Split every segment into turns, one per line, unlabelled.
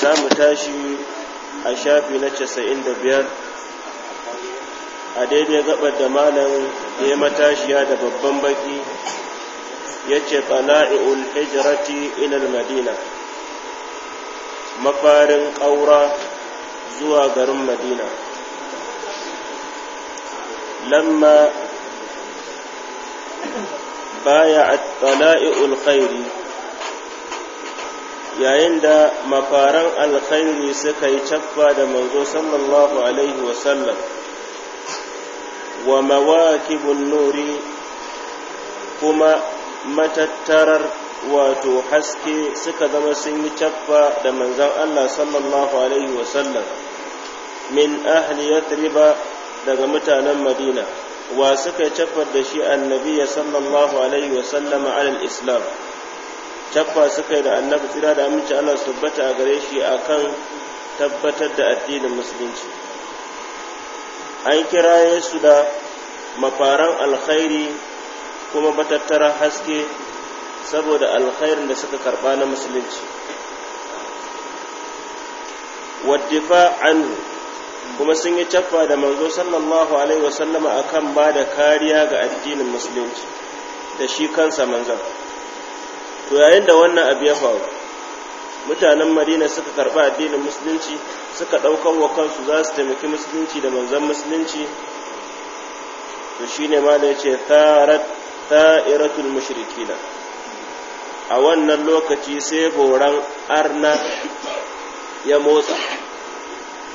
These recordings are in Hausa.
za mu tashi a shafi na casa'in da biyar a daidai gabar da malam ya matashiya da babban baki ya ce fala'i'ul hijrati inar madina mafarin ƙaura zuwa garin madina lamma Baya tala'i'ul khairi yayin da mafaran alkhairi suka yi caffa da manzo sallallahu alaihi wasallam wa mawakibun nuri kuma matattarar wato haske suka zama sun yi caffa da manzon Allah sallallahu alaihi wasallam min ahli riba daga mutanen madina wa suka tabbar da shi annabi sallallahu alaihi wa sallama alal islam Caffa suka yi da annabi tsira da aminci Allah tabbata a gare shi akan tabbatar da addinin musulunci an kira su da mafaran alkhairi kuma batattara haske saboda alkhairin da suka karba na musulunci waddifa anhu kuma sun yi caffa da manzo sallallahu alaihi wasallama akan ba da kariya ga addinin musulunci da shi kansa manzon to yayin da wannan abu ya faru mutanen madina suka karɓi addinin musulunci suka ɗaukar wa kansu za su taimaki musulunci da manzon musulunci to shine ma da ya ce ta'iratul mushrikina a wannan lokaci sai boran arna ya motsa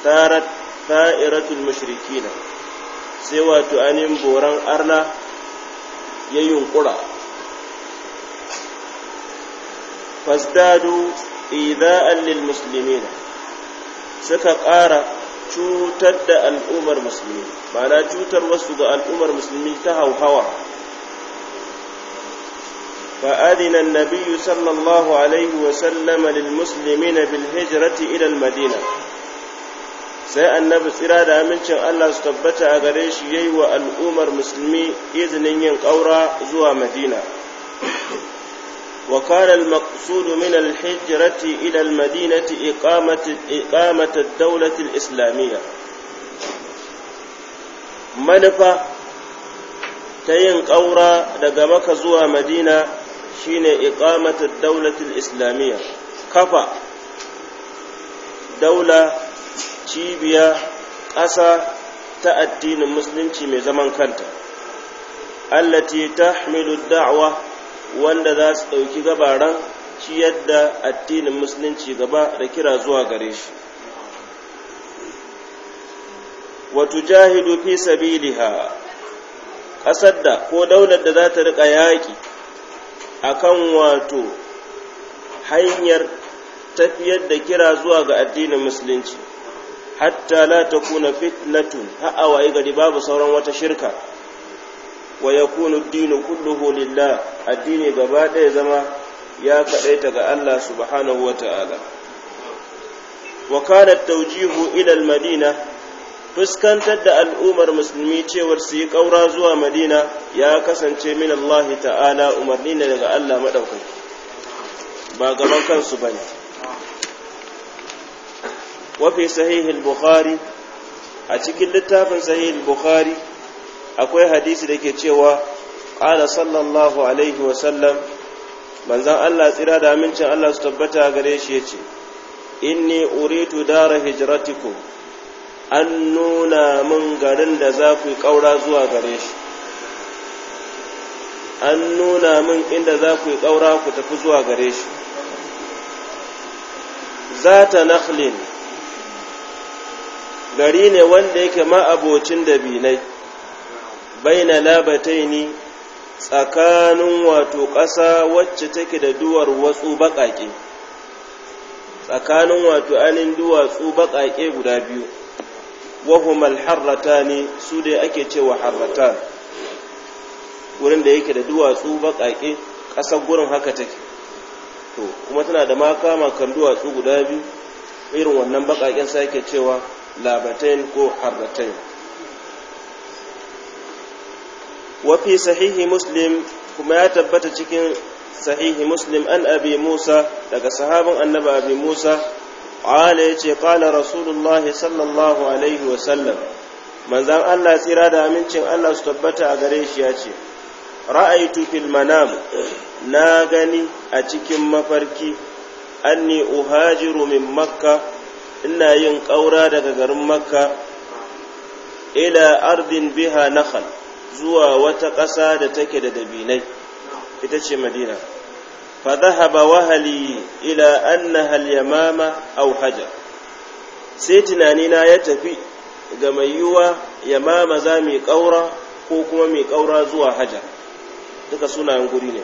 tarat da'iratul mushrikina sai wato anin boran arna ya yunkura fasdadu idan lil muslimina suka ƙara cutar da al'ummar musulmi ma'ana cutar wasu ga al'ummar musulmi ta hauhawa فأذن النبي صلى الله عليه وسلم للمسلمين بالهجرة إلى المدينة sai annabi tsira da amincin Allah su tabbata a gare shi yayi wa al'ummar musulmi izinin yin ƙaura zuwa Madina وكان المقصود من الهجرة إلى المدينة إقامة, إقامة الدولة الإسلامية منفى تين قورا دقمك زوى مدينة شين إقامة الدولة الإسلامية كفى دولة cibiya ƙasa ta addinin musulunci mai zaman kanta allati tahmilu da'wa wanda za su ɗauki gabaran ciyar da addinin musulunci gaba da kira zuwa gare shi wato jahidu fi sabiliha ƙasar da ko daular da za ta riƙa yaƙi a kan wato hanyar tafiyar da kira zuwa ga addinin musulunci hatta la takuna fitnatun ha'a waye gari babu sauran wata shirka wa yakunu dinu kulluhu lillah addini gaba ɗaya zama ya kadaita ga Allah subhanahu wata'ala wa kana tawjihu ila al-madina fuskantar da al'ummar musulmi cewar su yi ƙaura zuwa madina ya kasance min Allah ta'ala umarni ne daga Allah madaukaki ba gaban kansu ba ne wa fi sahih bukhari a cikin littafin sahih bukhari akwai hadisi da ke cewa qala sallallahu alaihi wa sallam manzon Allah tsira da amincin Allah su tabbata gare shi yace inni uritu dara hijratiku an nuna min garin da za ku kaura zuwa gare shi an nuna min inda za ku yi ƙaura ku tafi zuwa gare shi zata ta nakhlin gari ne wanda yake ma'abocin dabinai baina labataini tsakanin wato ƙasa wacce take da duwar wasu baƙaƙe tsakanin wato anin duwatsu baƙaƙe guda biyu wahumal harrata ne su dai ake cewa harrata wurin da yake da duwatsu baƙaƙe ƙasar gurin haka take to kuma tana da makama kan duwatsu guda biyu irin wannan baƙaƙen sa yake cewa labatain ko harratain wafi sahihi muslim kuma ya tabbata cikin sahihi muslim an abi musa daga sahabin annaba abi musa ƙwala ya ce ƙwala rasulullahi sallallahu alaihi wasallam manzan allah tsira da amincin allah su tabbata a gare shi ya ce ra'aitu fil manam na gani a cikin mafarki anni uhajiru min makka ina yin ƙaura daga garin makka ila ardin biha nakhal zuwa wata ƙasa da take da dabinai ita ce madina wahali ila annaha al-yamama aw hajar, sai tunani na ya tafi ga mai yiwuwa za mu mai ƙaura ko kuma mai ƙaura zuwa hajar duka sunayen guri ne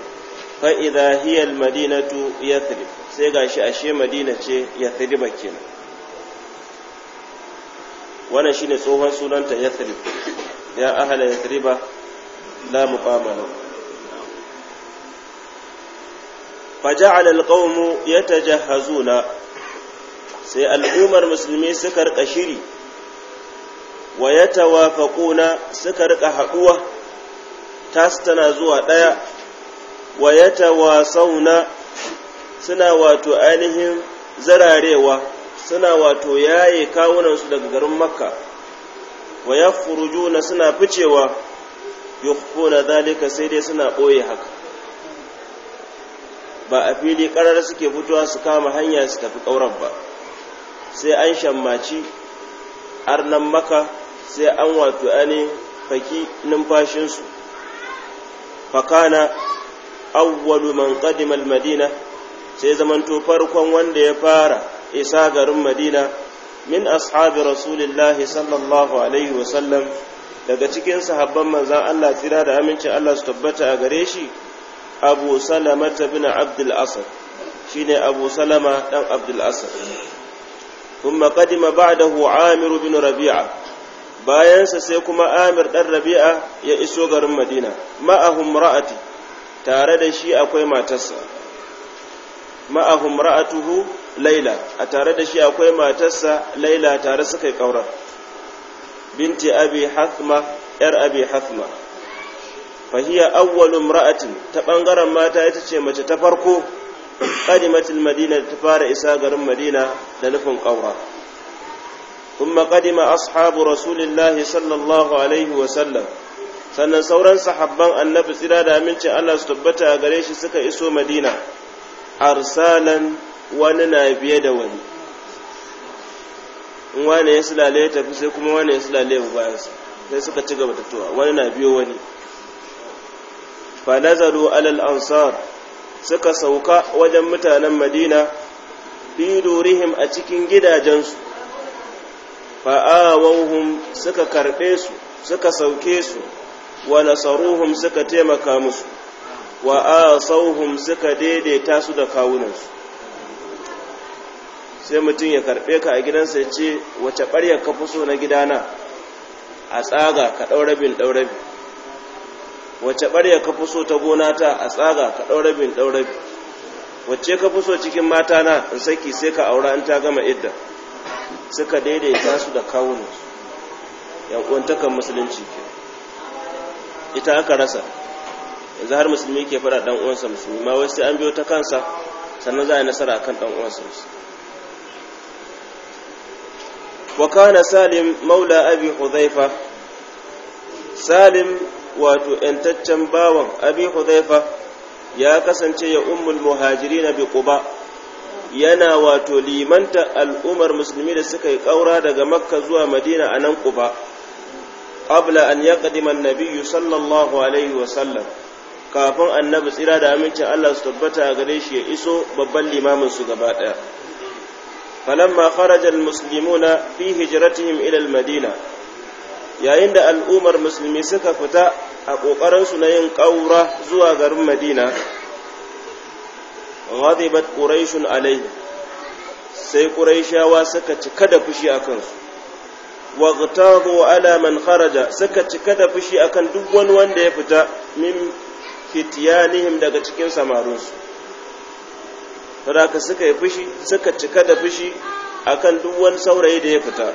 hiya al madinatu yathrib sai gashi ashe madina ce yathrib kenan wannan shine tsohon sunanta yathrib ya ahala yathriba la muqamalo فجعل القوم يتجهزون sai al'ummar musulmi suka rika shiri wa ya suka rika haƙuwa tas tana zuwa ɗaya wa ya suna wato ainihin zararewa suna wato yaye kawunansu daga garin makka wa ya suna ficewa na zalika sai dai suna ɓoye haka ba a fili ƙarar suke fitowa su kama hanya su tafi ƙaurar ba sai an shammaci arnan maka sai an wato ane faki numfashinsu fakana awwalu man qadima al-madina sai zamanto farkon wanda ya fara isa garin madina min ashabi rasulillahi sallallahu alaihi wasallam daga cikin sahabban manzan Allah tsira da amincin Allah su tabbata a gare shi abu salama ta bin abdul asad shine abu salama dan abdul asad kuma kadima ba'dahu amiru bin rabi'a bayansa sai kuma amir dan rabi'a ya iso garin madina ma'ahum ra'ati tare da shi akwai matarsa ma'ahum ra'atuhu laila a tare da shi akwai matarsa laila tare suka yi ƙaurar binti abi hathma yar abi hathma fahiya awwalu imra'atin ta bangaren mata ita ce mace ta farko qadimatul madina ta fara isa garin madina da nufin ƙaura kuma kadima ashabu rasulillahi sallallahu alaihi wa sallam sannan sauran sahabban annabi tsira da amincin Allah su tabbata gare shi suka iso madina arsalan wani na biye da wani in wane ya sulale tafi sai kuma wani ya sulale ya su sai suka ci gaba tattowa wani na biyo wani fanazaru alal ansar suka sauka wajen mutanen madina fi durihim a cikin gidajensu fa'awahum suka karɓe su suka sauke su wa nasaruhum suka taimaka musu wa asauhum suka daidaita su da kawunansu sai mutum ya karɓe ka a gidansa ya ce wace ɓaryar ka fi so na gidana a tsaga ka ɗaurabin ɗaurabi ɗau rabi wace ɓaryar ka fi so ta gona ta a tsaga ka ɗaurabin ɗaurabi ɗau wacce ka fi so cikin mata na in saki sai ka aura in ta gama idda suka daidaita su da kawunansu yan uwantakan musulunci ke ita aka rasa yanzu har musulmi ke fara dan uwansa musulmi ma wai sai an biyo ta kansa sannan za a yi nasara akan dan uwansa musulmi وكان سالم salim maula abi سالم salim wato ‘yantaccen bawan abi يا ya kasance ya ummul muhajiri na yana wato limanta al'ummar musulmi da suka yi ƙaura daga makka zuwa madina a nan kuba abla an ya ƙadiman nabiyu sallallahu alaihi wasallam kafin annabi tsira da amincin allah su tabbata a gare shi ya iso babban limamin su gaba ɗaya falamma kharaja almuslimuna fi hijratihim ila madina yayin da al'ummar musulmi suka fita a kokarin na yin ƙaura zuwa garin madina ghadibat quraishun alaihi sai quraishawa suka cika da fushi akan su waghtadu ala kharaja suka cika da fushi akan duk wani wanda ya fita min fitiyanihim daga cikin samarinsu saboda suka yi fushi suka cika da fushi akan duk wani saurayi da ya fita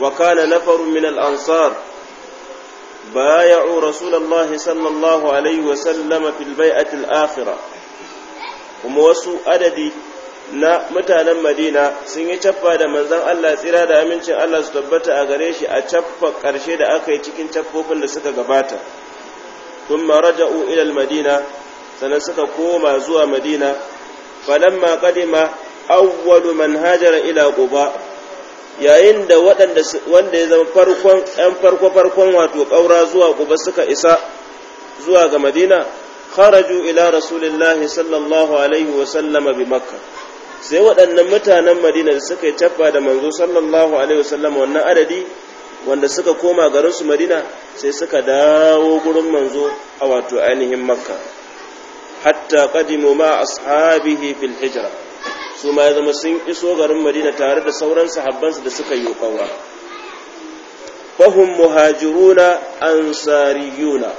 wa kana nafaru min al-ansar bayu rasulullahi sallallahu alaihi wa sallam fil في al akhirah kuma wasu adadi na mutanen madina sun yi cappa da manzon Allah tsira da amincin Allah su tabbata a gare shi a cappa ƙarshe da aka yi cikin cappofin da suka gabata tun maraja'u ilal madina sannan suka koma zuwa madina فلما قدم awwalu من هاجر ila قباء yayin da waɗanda wanda ya zama farkon ɗan farko farkon wato ƙaura zuwa quba suka isa zuwa ga madina kharaju ila rasulillahi sallallahu alaihi wa sallama bi makka sai waɗannan mutanen madina da suka yi tabba da manzo sallallahu alaihi wa sallama wannan adadi wanda suka koma garinsu madina sai suka dawo gurin manzo a wato ainihin makka hatta qadimu ma ashabihi fil hijra su ma ya zama sun iso garin madina tare da sauran sahabbansu da suka yi kaura fahum muhajiruna ansariyuna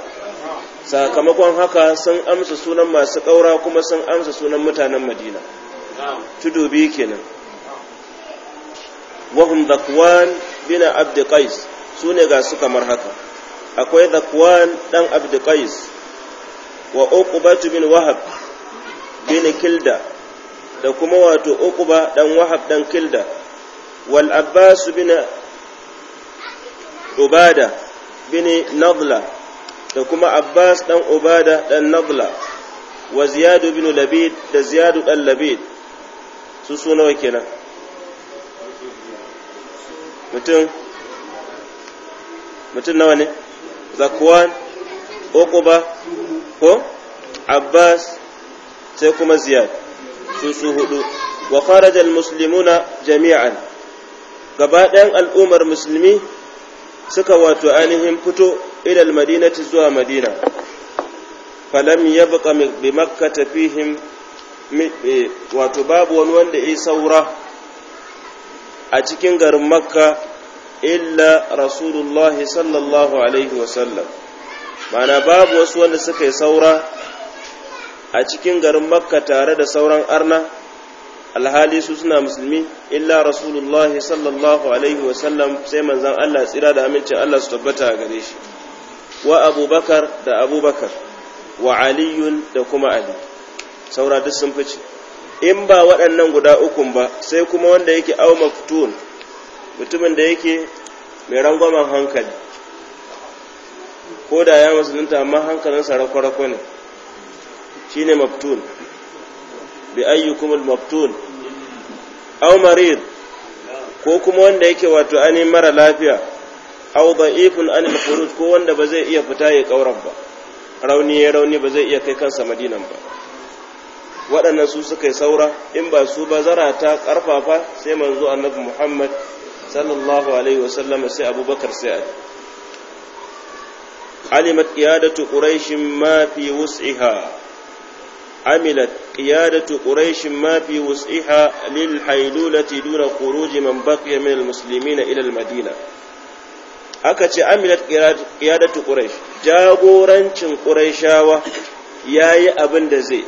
sakamakon haka sun amsa sunan masu kaura kuma sun amsa sunan mutanen madina tudu biyu kenan wahum zakwan bin abd qais su ne ga su kamar haka akwai zakwan dan abd qais wa uqbatu bin wahab bin kilda da kuma wato uqba dan wahab dan kilda wal abbas bin ubada bin nadla da kuma abbas dan ubada dan nadla wa ziyad bin labid da ziyad dan labid su suna kenan mutum mutum nawa ne zakwan uqba ko abbas sai kuma ziyad su su hudu wa kharajal muslimuna jami'an gaba al'ummar musulmi suka wato ainihin fito ilal madinati zuwa madina falam yabqa bi makkata fihim eh, wato babu wani wanda ya saura a cikin garin makka illa rasulullahi sallallahu alaihi wasallam mana babu wasu wanda suka yi saura a cikin garin makka tare da sauran arna alhali su suna musulmi illa rasulullahi sallallahu alaihi wasallam sai manzan allah tsira da amincin allah su tabbata a gare shi wa abubakar da abubakar wa aliyun da kuma ali saura duk sun fice in ba waɗannan guda ukun ba sai kuma wanda yake au maftun mutumin da yake mai rangwamen hankali ko da ya musulunta amma hankalinsa rako-rako ne shi ne bi ayyukumul maftun. aw marid ko kuma wanda yake wato ainihin mara lafiya aw da'ifun anil furud ko wanda ba zai iya fita ya kauran ba rauni ya rauni ba zai iya kai kansa madinan ba waɗannan su suka yi saura in ba su ba zara ta ƙarfafa sai manzo annabi muhammad sallallahu alaihi wasallam sai abubakar sai ali علمت قيادة قريش ما في وسعها عملت قيادة قريش ما في وسعها للحيلولة دون خروج من بقي من المسلمين إلى المدينة أكت عملت قيادة قريش قريشاوة yayi abin da zai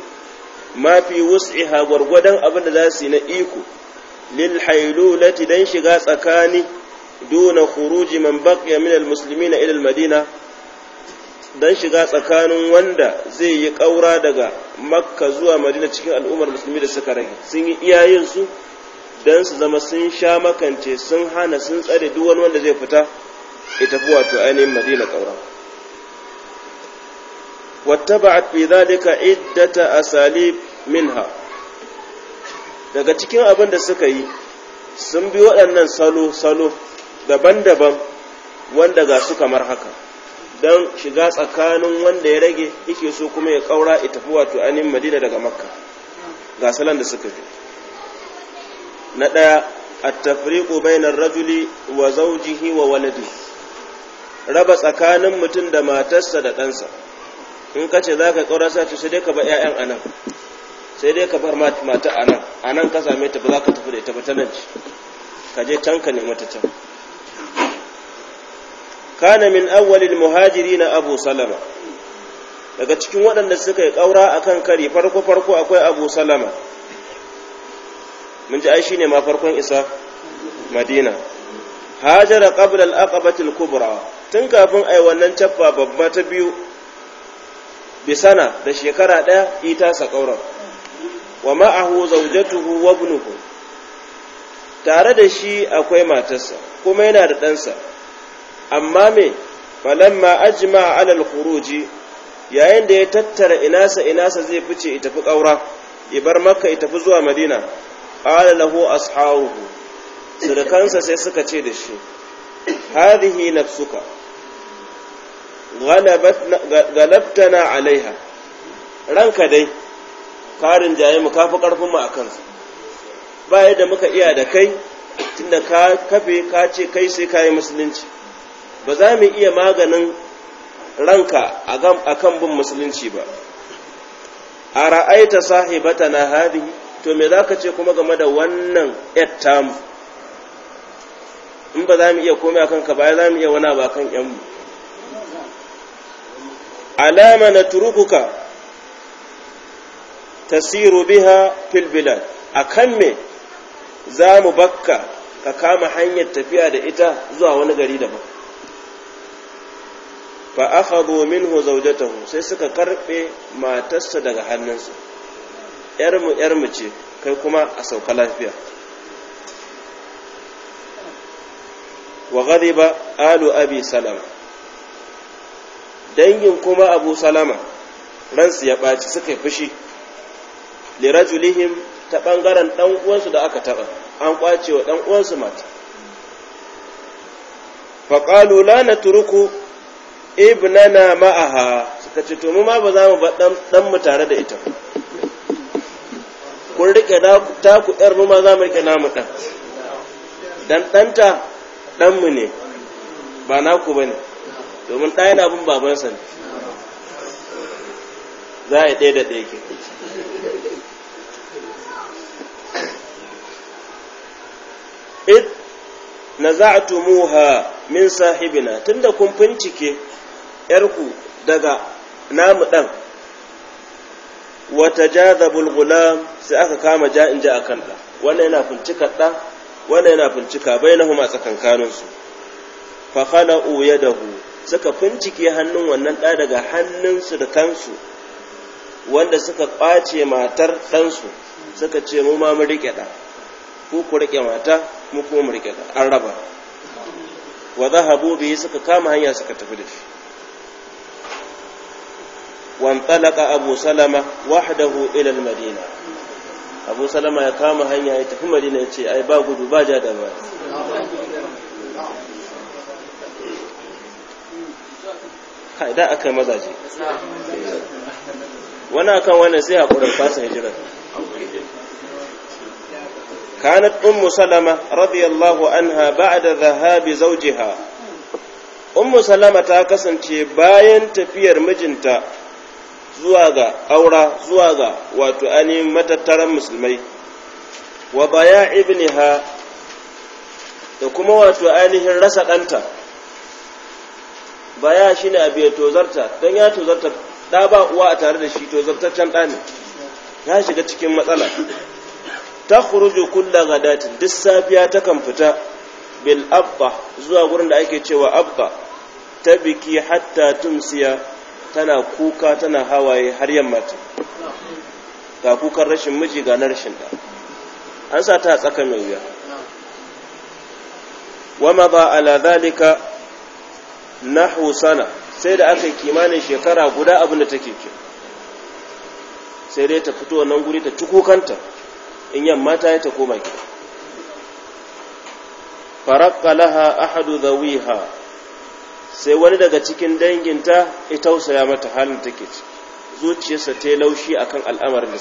mafi wus'iha gwargwadon abin da za su yi na iko lil hailulati dan shiga tsakani duna khuruji man min al-muslimina madina don shiga tsakanin wanda zai yi ƙaura daga makka zuwa madina cikin al'ummar musulmi da suka rage sun yi iyayensu don su zama sun sha makance sun hana sun tsare duk wani wanda zai fita ya tafi wato ainihin madina ƙaura wattaba'at fi zalika iddata asalib minha daga cikin abin da suka yi sun bi waɗannan salo salo daban-daban wanda ga su kamar haka don shiga tsakanin wanda ya rage yake so kuma ya kaura ya tafi wato anin madina daga makka ga salon da suka fi na ɗaya attafriqu na rajuli wa zawjihi wa waladi raba tsakanin mutum da matarsa da ɗansa in ka ce za ka ƙaura sa sai dai ka ba 'ya'yan anan sai dai ka bar mata anan anan ka same ta ba za ka tafi da ita ba ta nan ka je can ka nemi ta can kana min awwalil muhajirin abu salama daga cikin waɗanda suka yi ƙaura akan kari farko farko akwai abu salama mun ji ai shine ma farkon isa madina hajara qabla al kubra tun kafin ai wannan cafa babba ta biyu bisana da shekara ɗaya ita sa ƙaurar wa ma'ahu zaujatuhu wa ibnuhu tare da shi akwai matarsa kuma yana da ɗansa amma me falamma ajma ala al-khuruji yayin da ya tattara inasa inasa zai fice ita fi kaura ibar makka ita fi zuwa madina qala lahu ashabuhu surukansa sai suka ce da shi hadhihi nafsuka galabtana alaiha ranka dai karin jaye mu kafi karfin mu akan su ba yadda muka iya da kai tunda ka kafe ka ce kai sai kayi musulunci ba za mu iya maganin ranka a kan bin musulunci ba a ra'aita sahibata na hadi to me za ka ce kuma game da wannan yattamu in ba za mu iya komai a kanka ba za mu iya wani ba kan yanmu alama na turukuka tasiru biha fil a kan me za mu bakka ka kama hanyar tafiya da ita zuwa wani gari daban fa akhadhu minhu zawjatahu sai suka karbe matarsa daga hannunsa yar mu yar mu ce kai kuma a sauka lafiya wa ghadiba alu abi salama dangin kuma abu salama ransu ya ɓaci suka yi fushi lirajulihim ta ɓangaren ɗan uwansu da aka taɓa an ƙwace wa ɗan uwansu mata faƙalu la na turuku ibnana ma'aha suka ce to mu ma ba za mu ba dan mu tare da ita kun rike ta ku yar mu ma za mu rike namu dan dan danta dan mu ne ba naku bane domin ɗaya na bin babansa ne za a yi ɗaya da ɗaya ke it na za'atumuha min sahibina tunda kun fincike yarku daga namu ɗan wata jazabul gulam sai aka kama ja'in ja a kan ɗan. wannan yana fincika ɗan wannan yana fincika bai na huma tsakankaninsu fa da hu suka fincike hannun wannan ɗa daga hannunsu da kansu wanda suka ƙwace matar ɗansu suka ce mu ma mu riƙe ɗa ku ku riƙe mata mu kuma mu riƙe ɗa an raba wa zahabu bi suka kama hanya suka tafi da shi wantalaka abu salama wahdahu ila madina abu salama ya kama hanya ya tafi madina ya ce ai ba gudu ba ja da ba kai da aka yi mazaje wani akan wannan sai haƙurin fasa hijirar كانت أم سلمة رضي الله عنها بعد ذهاب زوجها أم سلمة تاكسن باين تفير مجنتا zuwa ga aura zuwa ga wato ainihin matattaran musulmai wa baya ibniha da kuma wato ainihin rasa ɗanta baya shi ne abu ya tozarta don ya tozarta ɗa ba uwa a tare da shi tozartaccen ɗa ne ya shiga cikin matsala ta kuruju kulla gadatin duk safiya takan fita bil abba zuwa gurin da ake cewa abba ta biki hatta tumsiya tana kuka tana hawaye har yamma ta ga kukan rashin miji ga na rashin da an sa ta tsaka mai wuya wama ba ala zalika nahu sana sai da aka yi kimanin shekara guda abin da take ke sai dai ta fito nan guri ta ci kukanta in yamma ta yi ta koma ki farakka laha ahadu zawiha sai wani daga cikin danginta ya tausaya mata halin take ci zuciyarsa ta yi laushi akan al'amarin da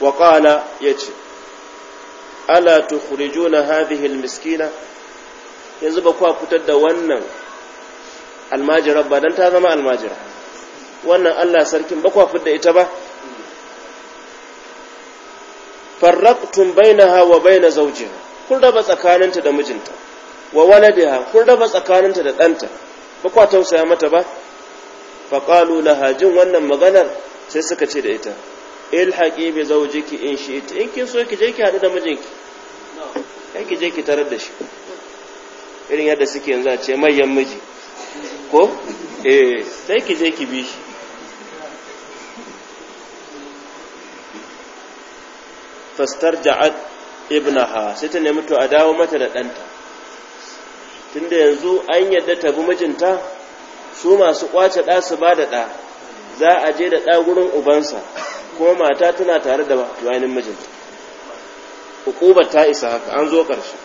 waƙala ya ce ala na hadhihi almiskina yanzu ba kwa fitar da wannan almajira ba don ta zama almajira wannan Allah sarkin ba kwa fitar da ita ba bai na hawa bai na zaujiya kun raba tsakaninta da mijinta wa waladiha kun raba tsakaninta da ɗanta ba kwa tausaya mata ba qalu laha jin wannan maganar sai suka ce da ita haqi bi zawjiki in shi ita in kin so ki je ki haɗu da mijinki kai ki je ki tarar da shi irin yadda suke yanzu a ce mayan miji ko eh sai ki je ki bi shi fastarja'at ibnaha sai ta nemi to a dawo mata da ɗanta tunda yanzu an yadda ta bi mijinta su masu kwace ɗa su ba da ɗa za a je da ɗa gurin ubansa kuma mata tana tare da wani mijinta hukubar ta isa haka an zo ƙarshe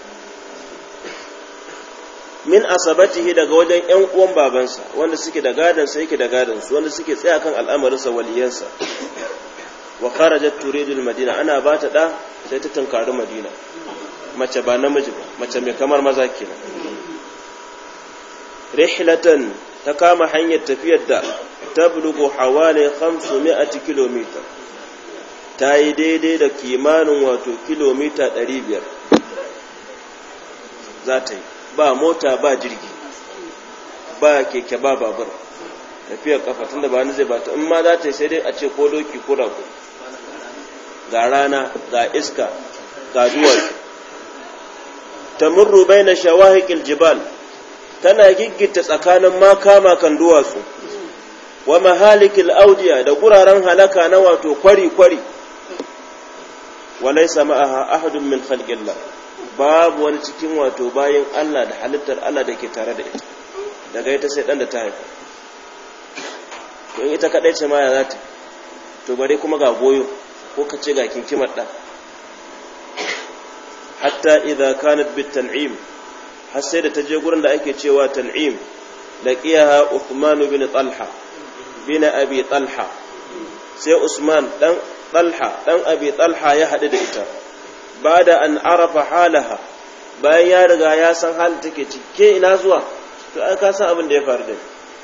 min asabatihi daga wajen yan uwan babansa wanda suke da gadon sai yake da gadon su wanda suke tsaya kan al'amarinsa waliyansa wa kharajat turidul madina ana ba ta da sai ta tunkari madina mace ba namiji ba mace mai kamar maza kenan rihlatan ta kama hanyar tafiyar da tablugu hawale 500 kilomita ta yi daidai da kimanin wato kilomita 500 za ta yi ba mota ba jirgi ba keke ba babur tafiyar kafa da ba ni zai ba ta in ma za ta yi sai dai a ce ko doki ko rago ga rana ga iska ga duwatsu tamurru na shawahikin jibal tana giggita tsakanin makama kan duwatsu wa mahalikil audiya da guraren halaka na wato kwari-kwari sama a ahadun min khalqillah babu wani cikin wato bayan Allah da halittar Allah da ke tare da ita daga ita sai dan da ta haifa ko in ita kadai ce ma ya za ta to bare kuma ga goyo ko ka ce ga kinkimar da hatta idza kanat bit tan'im har sai da ta je gurin da ake cewa da laqiyaha Uthman bin Talha bin Abi Talha sai Usman dan Talha dan Abi Talha ya haɗu da ita bada an arafa halaha bayan ya riga ya san halin take cike ina zuwa to ai ka san abin da ya faru da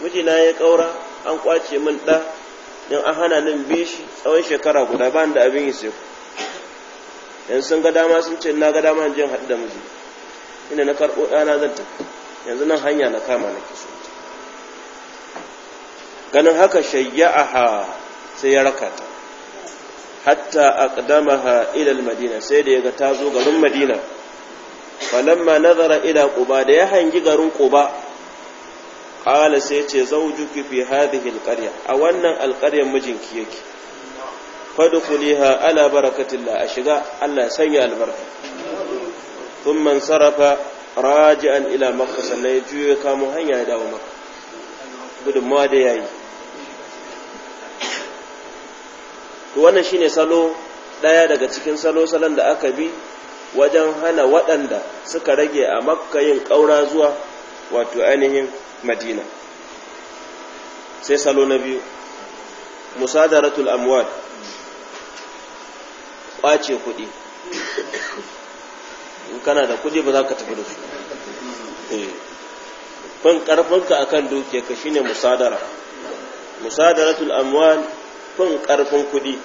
mijina ya kaura an kwace min da dan an hana nan bi shi tsawon shekara guda ba da abin yi sai yan sun ga dama sun ce na ga dama jin haɗu da miji ina na karɓo ɗana zan tafi yanzu nan hanya na kama na so. ganin haka shayya'aha sai ya raka ta hatta aqdamaha ila madina sai da yaga ta zo garin madina falamma nazara ila quba da ya hangi garin quba qala sai ce zawjuki fi hadhihi alqarya a wannan alqarya mijinki yake fadkhuliha ala barakatillah a shiga Allah ya sanya albarka ثم انصرف raji'an ila مكه sannan يجي كامو kamo hanya ya dawo ما ده da yayi wannan shine salo daya daga cikin salo salon da aka bi wajen hana waɗanda suka rage a makka yin ƙaura zuwa wato ainihin madina sai salo na biyu musadaratul amwal ƙwace kuɗi in kana da kuɗi ba za ka tafi da su fin eh. ƙarfinka a kan dukiyarka shi ne musadara musadaratul amwal fin ƙarfin kuɗi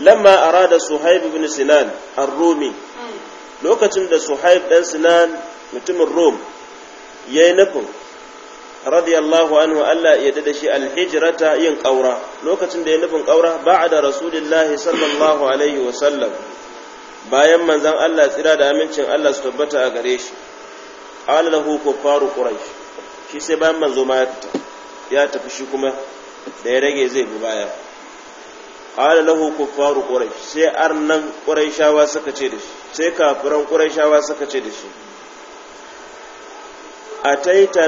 lamma arada suhaib ibn sinan ar-rumi lokacin da suhaib ɗan sinan mutumin rom ya yi nufin radiyallahu anhu Allah ya da shi alhijirata yin ƙaura lokacin da ya nufin ƙaura ba da rasulillahi sallallahu alaihi sallam. bayan manzan Allah tsira da amincin Allah su tabbata a gare shi da hu kuffaru quraish shi sai bayan manzo ma ya ya tafi shi kuma da ya rage zai bi baya da hu kuffaru quraish sai arnan quraishawa suka ce da shi sai kafiran quraishawa suka ce da shi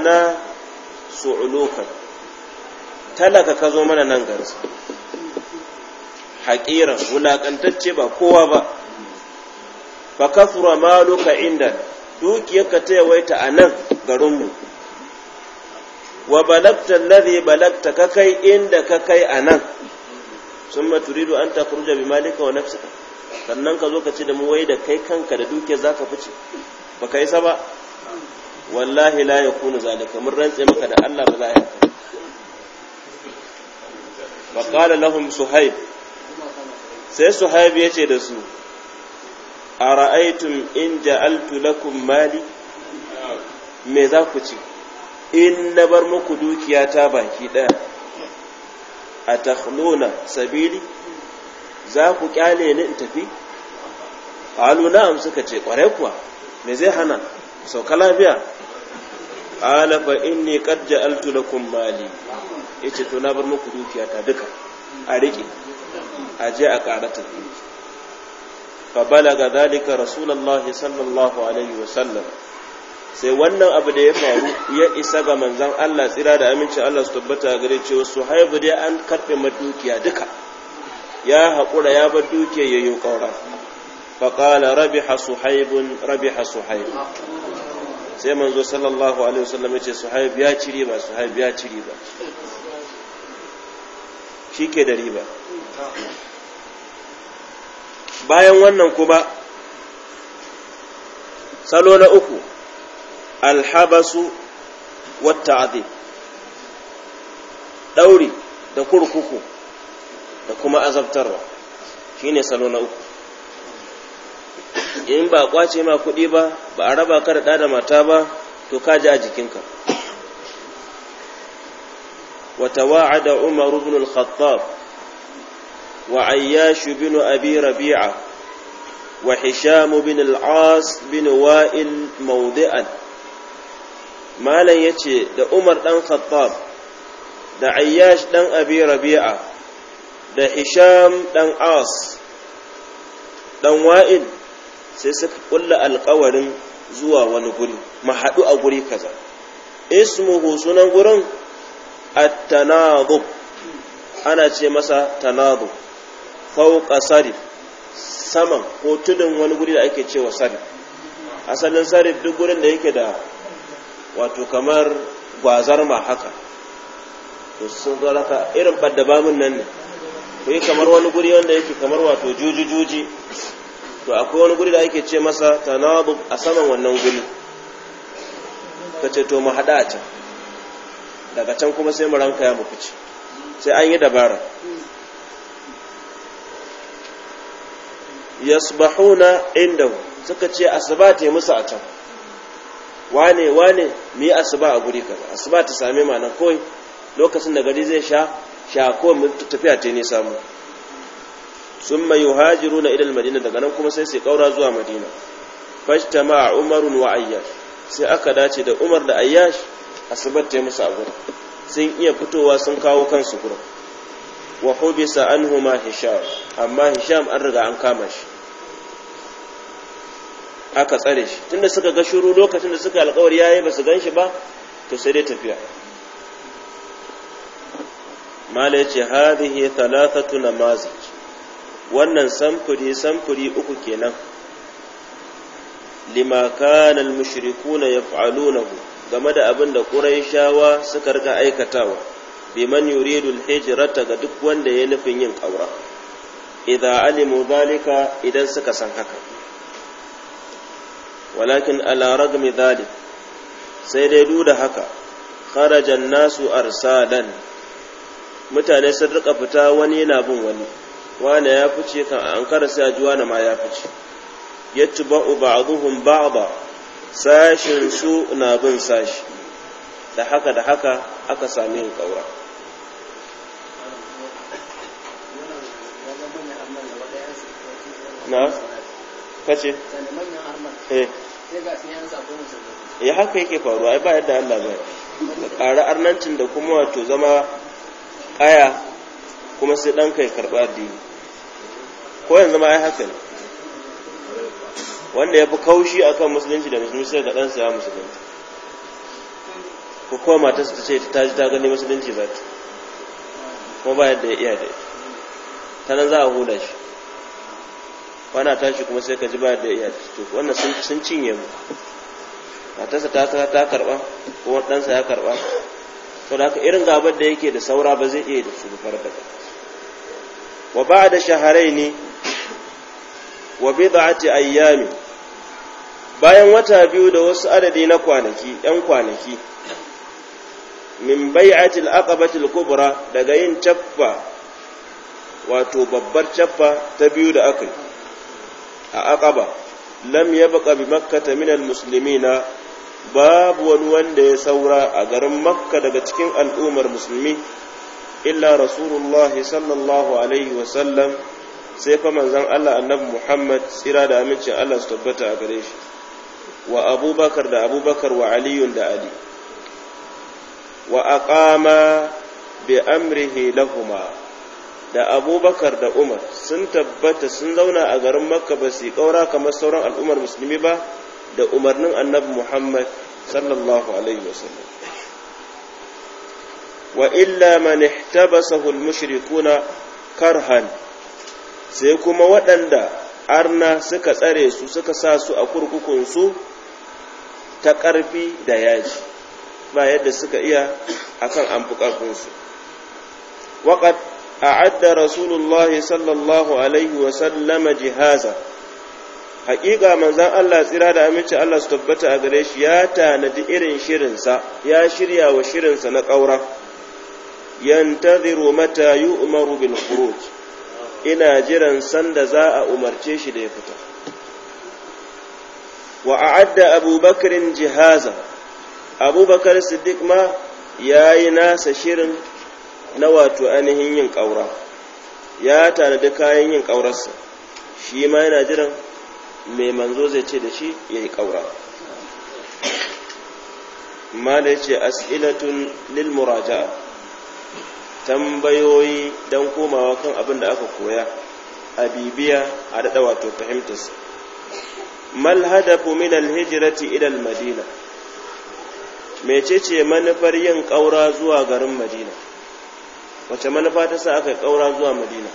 na su'ulukan talaka ka zo mana nan garsa haƙiran wulaƙantacce ba kowa ba fa kasura maluka inda dukiyarka ta yawaita a nan garinmu wa balagta alladhi balagta ka kai inda ka kai a nan sun ma turidu an takurja bi malika wa nafsika sannan ka zo ka ce da mu wai da kai kanka da dukiyar zaka fice ba baka isa ba wallahi la yakunu zalika mun rantse maka da Allah ba za ya wa qala lahum suhayb sai suhayb yace da su ara'aytum in ja'altu lakum mali me za ku ci in na bar muku dukiya ta baki daya atakhluna sabili za ku kyale ni in tafi qalu na'am suka ce kware kuwa me zai hana sauka lafiya ala fa inni qad ja'altu lakum mali yace to na bar muku dukiya ta duka a rike a je a karata فبلغ ذلك رسول الله صلى الله عليه وسلم sai wannan abu da ya faru ya isa ga manzan Allah tsira da aminci Allah su tabbata gare cewa su haibu dai an karfe madukiya duka ya haƙura ya bar dukiya ya yi ƙaura faƙala rabiha suhaibun rabiha suhaibun sai manzo sallallahu alaihi wasallam ya ce suhaib ya ci riba suhaib ya ci riba shi ke da riba bayan wannan kuma salo na uku alhabasu wata adi ɗauri da kurkuku da kuma azabtarwa shine salo na uku in ba kwace ma kuɗi ba ba a raba ka da da mata ba to ka ji a jikinka wata wa'ada umar ibn al-khattab وعياش بن أبي ربيعة وحشام بن العاص بن وائل موضعا ما لن يتي دا عمر دان خطاب دا عياش دان أبي ربيعة دا هشام دان عاص دان وائل sai suka kulla alkawarin zuwa wani guri mahaɗu a guri kaza ismuhu sunan gurin at-tanadub ana ce masa tanadub fauka sarif saman ko tudun wani guri da ake cewa sarif asalin sarif duk gurin da yake da wato kamar gwazar ma haka to sun zo raka irin baddabamin nan ne ko yi kamar wani guri wanda yake kamar wato juji-juji to akwai wani guri da ake ce masa tanabu a saman wannan guri ka ce to mu haɗa a can daga can kuma sai mu ranka ya mu fice sai an yi dabara yasbahuna indahu suka ce asuba ta musu a can wane wane mu asuba a guri kaza asuba ta same ma nan kawai lokacin da gari zai sha sha ko tafiya ta nisa mu summa yuhajiruna ila almadina daga nan kuma sai su kaura zuwa madina fashtama umarun wa ayyash sai aka dace da umar da ayyash asuba ta musu a gurin sun iya fitowa sun kawo kansu gurin wa hubisa huma hisham amma hisham an riga an kama shi aka tsare shi tunda suka ga shuru lokacin da suka alkawari yayi ba su gan shi ba to sai dai tafiya mala yace hadhihi thalathatu namazij wannan samfuri samfuri uku kenan lima kana al-mushrikuna yaf'alunahu game da abin da quraishawa suka riga aikatawa liman yuridu hijrata ga duk wanda ya nufin yin ƙaura idza alimu zalika idan suka san haka walakin ala ragmi zalik sai dai duda da haka kharajan nasu dan. mutane sun rika fita wani yana bin wani wani ya fice kan ankara sai a ji wani ma ya fice yatba'u ba'dhum ba'dha sashin su na bin sashi da haka da haka aka sami yin ƙaura
na kace ya eh.
eh, haka yake faruwa ai ba yadda Allah ba ƙara arnancin da kuma wato zama aya kuma sai ɗanka ya karɓa addini ko yanzu ma ai haka ne wanda ya fi kaushi akan musulunci da musulmi sai ga sa ya musulunci ko kuma matarsa ta ce ta ji ta gani musulunci ba ta kuma ba yadda ya iya da ita ta nan za a hula shi kwana tashi kuma sai ka ji ba da iya to wannan sun cinye mu matarsa ta ta karba ko ɗansa ya karba to da irin gabar da yake da saura ba zai iya da su far da wa ba'da shahrayn wa bid'ati ayyami bayan wata biyu da wasu adadi na kwanaki yan kwanaki min bai'ati al-aqabati al-kubra daga yin chaffa wato babbar chaffa ta biyu da aka yi a aqaba lam yabqa bi makkata min almuslimina babu wani wanda ya saura a garin makka daga cikin al'ummar musulmi illa rasulullahi sallallahu alaihi sallam sai fa manzon Allah annabi Muhammad tsira da amincin Allah su tabbata a gare shi wa abubakar da abubakar wa aliyun da ali wa aqama bi amrihi lahuma da abubakar da umar sun tabbata sun zauna a garin makka ba su ƙaura kamar sauran al'ummar musulmi ba da umarnin annabi muhammad sallallahu alaihi wasallam wa illa man ihtabasahu al karhan sai kuma waɗanda arna suka tsare su suka sa su a kurkukun su ta ƙarfi da yaji ba yadda suka iya akan amfi su waƙat أعد رسول الله صلى الله عليه وسلم جهازا haƙiƙa manzan Allah tsira da aminci Allah su tabbata a gare shi ya tanadi irin shirinsa ya shirya wa shirinsa na ƙaura yantaziru mata yu'maru bil khuruj ina jiran sanda za a umarce shi da ya fita wa a'adda abubakarin jihaza abubakar siddiq ma yayi nasa shirin na wato ainihin yin ƙaura ya tanadi kayan yin ƙaurarsa shi ma yana jiran mai manzo zai ce da shi ya yi ƙaura da ya ce as'ilatun lil muraja. tambayoyi don komawa kan abin da aka koya a bibiya a daɗa wato fahimtarsa mal hadafu min alhijrati ila madina mecece manufar yin ƙaura zuwa garin madina wace manufa ta sa aka kaura zuwa madina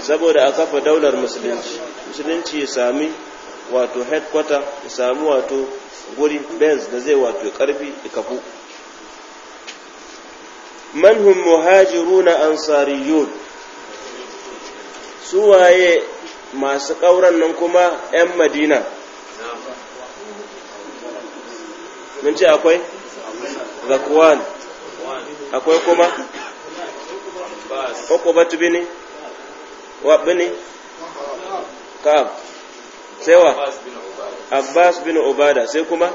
saboda a kafa daular musulunci musulunci ya sami wato headquarter ya sami wato guri benz da zai wato karfi ya kafu manhum yun ansariyun waye masu ƙauran nan kuma 'yan madina mun ce akwai zakuwan akwai kuma ukubatu bini wa bini sai wa abbas bin ubada sai kuma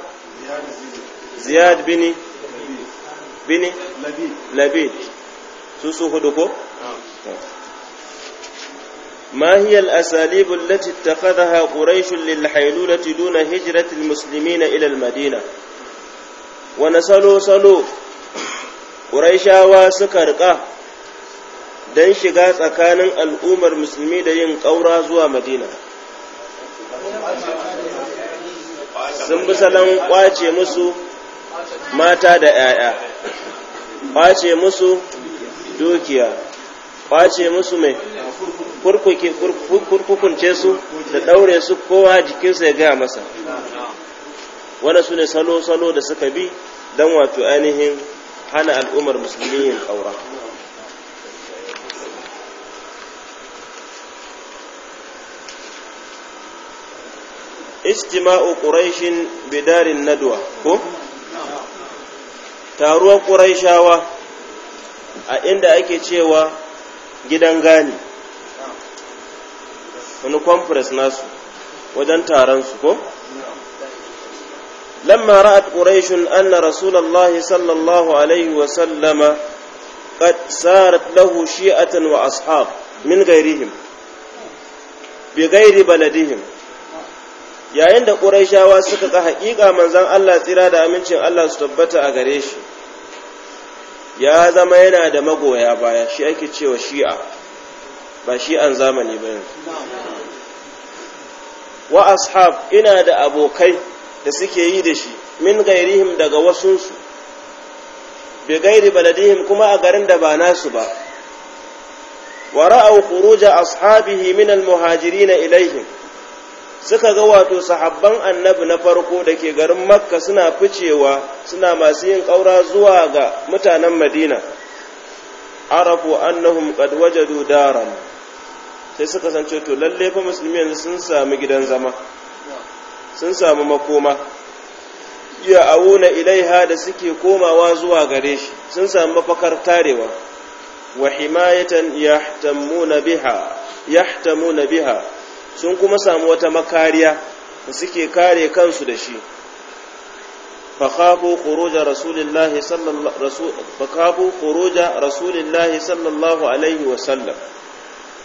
ziyad bini bini labid su su hudu ko ما هي الأساليب التي اتخذها قريش للحيلولة دون هجرة المسلمين إلى المدينة ونسلوا سلوا ƙuraishawa suka riƙa don shiga tsakanin al'ummar musulmi da yin ƙaura zuwa madina sun bi salon kwace musu mata da ‘ya'ya ƙwace musu dukiya ƙwace musu mai kurkukunce su da ɗaure su kowa jikinsa ya gaya masa wanda su salo-salo da suka bi don wato ainihin hana al'ummar musulmi yin ƙaura istima'u ƙuraishin bidarin nadwa ko taruwar ƙuraishawa a inda ake cewa gidan gani wani conference nasu wajen taron su ko لما رأت قريش أن رسول الله صلى الله عليه وسلم قد سارت له شيئة وأصحاب من غيرهم بغير بلدهم yayin da ƙuraishawa suka ga haƙiƙa manzan Allah tsira da amincin Allah su tabbata a gare shi ya zama yana da magoya baya shi ake cewa shi'a ba shi'an zamani ba yanzu wa ina da abokai da suke yi da shi min gairihim daga wasunsu bi gairi baladihim kuma a garin da ba nasu ba wa ra'aw khuruja ashabihi min almuhajirin ilaihim suka ga wato sahabban annabi na farko da ke garin makka suna ficewa suna masu yin ƙaura zuwa ga mutanen madina arafu annahum qad wajadu daran sai suka san to lalle fa musulmi yanzu sun sami gidan zama sun samu makoma ya auna ilaiha da suke komawa zuwa gare shi sun samu mafakar tarewa wa himayatan yahtamuna biha yahtamuna biha sun kuma samu wata makariya da suke kare kansu da shi fa khafu khuruja rasulillahi sallallahu الله فخافوا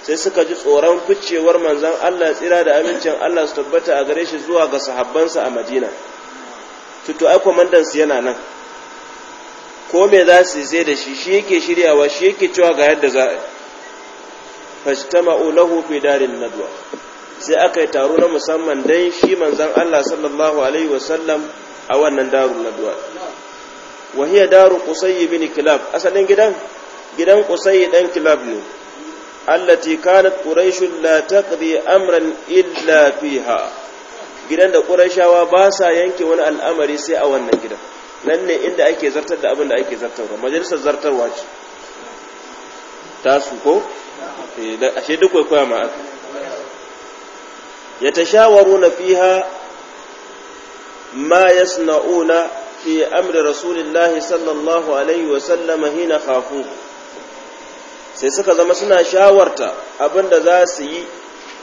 sai suka ji tsoron ficewar manzon Allah tsira da amincin Allah su tabbata a gare shi zuwa ga sahabbansa a Madina Tutu ai yana nan ko me za su zai da shi shi yake shiryawa shi yake cewa ga yadda za a yi lahu fi darin nadwa sai aka yi taro na musamman dan shi manzon Allah sallallahu alaihi wasallam a wannan darun nadwa wa hiya daru qusayy bin kilab asalin gidan gidan qusayy dan kilab ne allati kanat quraish la taqdi amran illa fiha gidan da ƙurashawa ba sa yanke wani al'amari sai a wannan gidan nan ne inda ake zartar da abin da ake zartarwa majalisar zartarwa ce Ta su ko eh, ashe duk kwaikwaya ma aka ya shawaru na fiha ma yasna'una fi amri rasulillahi sallallahu alaihi wa sallama hina hafu. sai suka zama suna shawarta abinda za su yi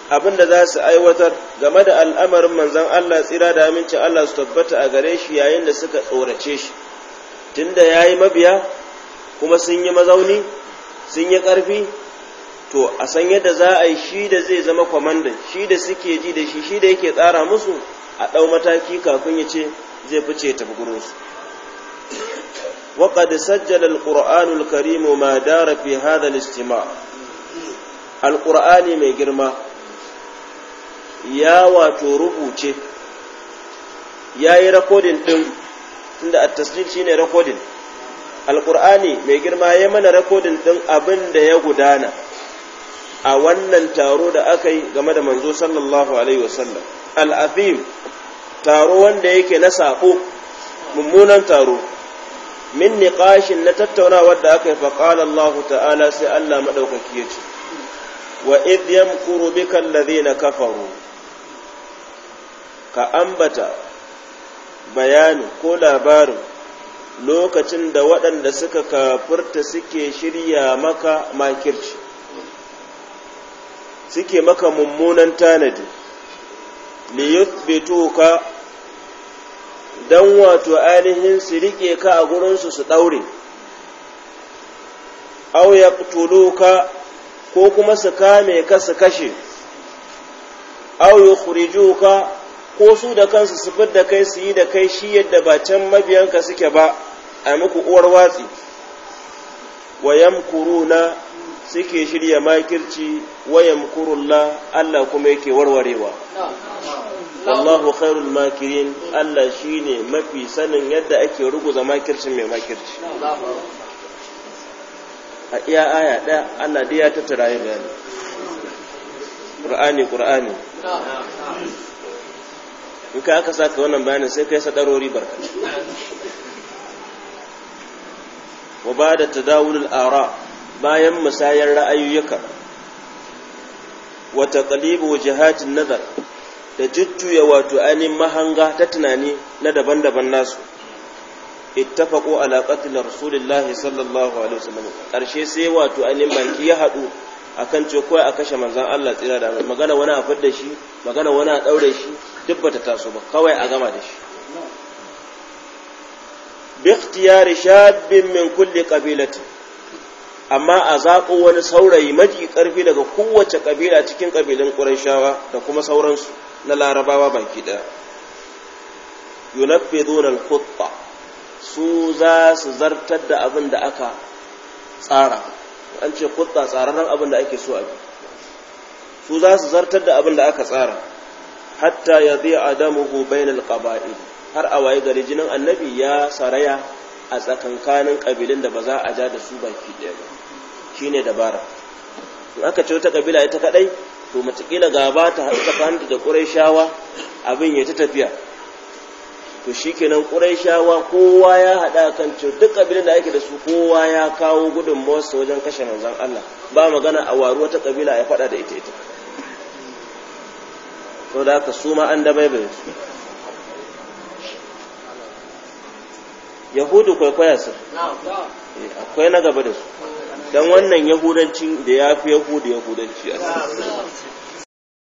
abinda za su aiwatar game da al'amarin manzon Allah tsira da amincin Allah su tabbata a gare shi yayin da suka tsorace shi tunda yayi mabiya kuma sun yi mazauni sun yi ƙarfi to a san yadda za a yi shi da zai zama kwamandan shi da suke ji da shi shi da yake tsara musu a ɗau mataki kafin ya ce zai fice tafi gurinsu وقد سجل القرآن الكريم ما دار في هذا الاجتماع القرآن mai girma ya wato rubuce ya yi rakodin ɗin inda a tasjil shine rakodin alƙur'ani mai girma ya mana rikodin ɗin abin da ya gudana a wannan taro da aka yi game da manzo sallallahu alaihi wasallam al'afim taro wanda yake na saƙo mummunan taro min niqashin na tattaunawar da aka yi faƙala Allah ta'ala sai Allah maɗaukaki ya ce wa idh yamkuru bika alladhina kafaru ka ambata bayani ko labarin lokacin da waɗanda suka kafurta suke shirya maka makirci suke maka mummunan tanadi liyuthbituka don wato ainihin su riƙe ka a gurinsu su ɗaure au ya ka ko kuma su kame ka su kashe au ya ka ko su da kansu su fidda kai su yi da kai shi yadda ba can mabiyanka suke ba a muku uwar watsi wayan kuruna suke shirya makirci wayan kurulla Allah kuma yake warwarewa wallahu khairul makirin Allah shine mafi sanin yadda ake ruguza makircin mai makirci a iya aya ɗaya Allah dai ya tattara ya bayani Qur'ani Qur'ani in ka aka saka wannan bayanin sai kai sadarori barka wa ba da tadawulul ara bayan musayar ra'ayoyuka wa taqlibu jihatin nazar da jujjuya wato ainihin mahanga ta tunani na daban-daban nasu ittafaqu ala qatl rasulillahi sallallahu alaihi wasallam karshe sai wato ainihin banki ya hadu akan ce kawai a kashe manzon Allah tsira da magana wani a fadda shi magana wani a daure shi duk bata taso ba kawai a gama da shi bi ikhtiyari shabbin min kulle qabilati amma a zaƙo wani saurayi maji ƙarfi daga kowace ƙabila cikin ƙabilun ƙurashawa da kuma sauransu na larabawa baki ɗaya yunar al kutba su za su zartar da abin da aka tsara an ce kutba tsararren abin da ake so a bi su za su zartar da abin da aka tsara hatta ya zai adamu bainal alƙaba'i har a waye gari jinin annabi ya saraya a tsakankanin ƙabilun da ba za a ja da su baki ɗaya ba shine dabara in aka ce wata kabila ita kadai to matakila gaba ta haɗu tsakaninta da ƙurayshawa abin ya ta tafiya to shikenan ƙurayshawa kowa ya haɗa kan ce duk ƙabilun da ake da su kowa ya kawo gudunmawarsa wajen kashe manzon Allah ba magana a waru wata kabila ya faɗa da ita ita to da su ma an su yahudu kwaikwaya su
eh, akwai na gaba da su dan wannan yahudancin da ya fi yahudu yahudanci a